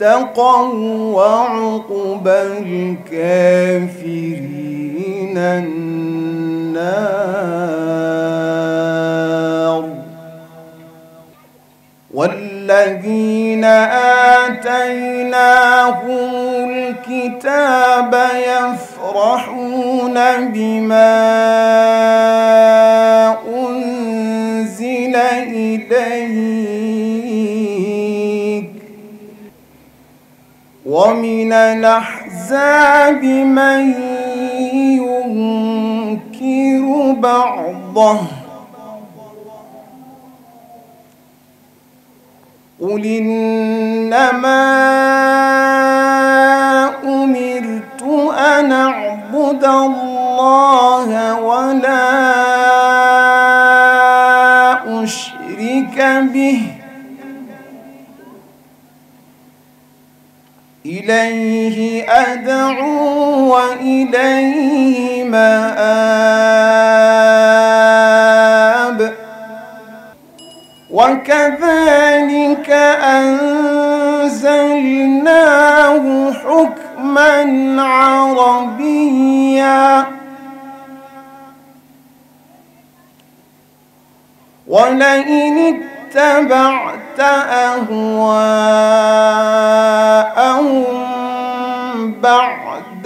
اتقوا وعقبى الكافرين النار والذين آتيناهم الكتاب يفرحون بما ومن الأحزاب من ينكر بعضه قل إنما أمرت أن أعبد الله ولا أشرك به إليه أدعو وإليه مآب وكذلك أنزلناه حكما عربيا ولئن اتبعت أهواء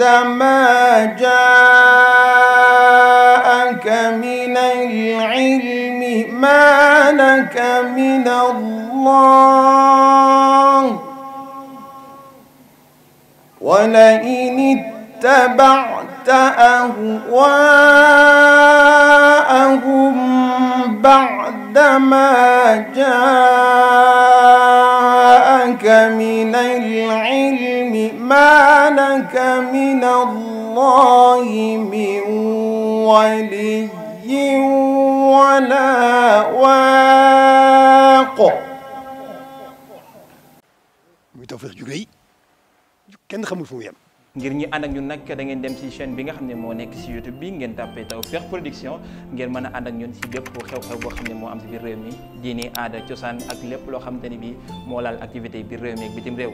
عندما جاءك من العلم ما لك من الله ولئن اتبعت أهواءهم بعد ما جاءك من العلم ما لك من الله من ولي ولا واق muy Tawfekh kenn xamul fu mu ngir ñi ànd ñun nag da ngeen dem ci chaîne bi nga xam ne moo nekk ci YouTube bi ngeen tàppee Tawfekh Production ngeen mën a ànd ak ñun ci bépp xew-xew boo xam ne moo am ci biir réew mi diini aada cosaan ak lépp loo xamante ni bi moo laal activité biir réew mi ak bitim réew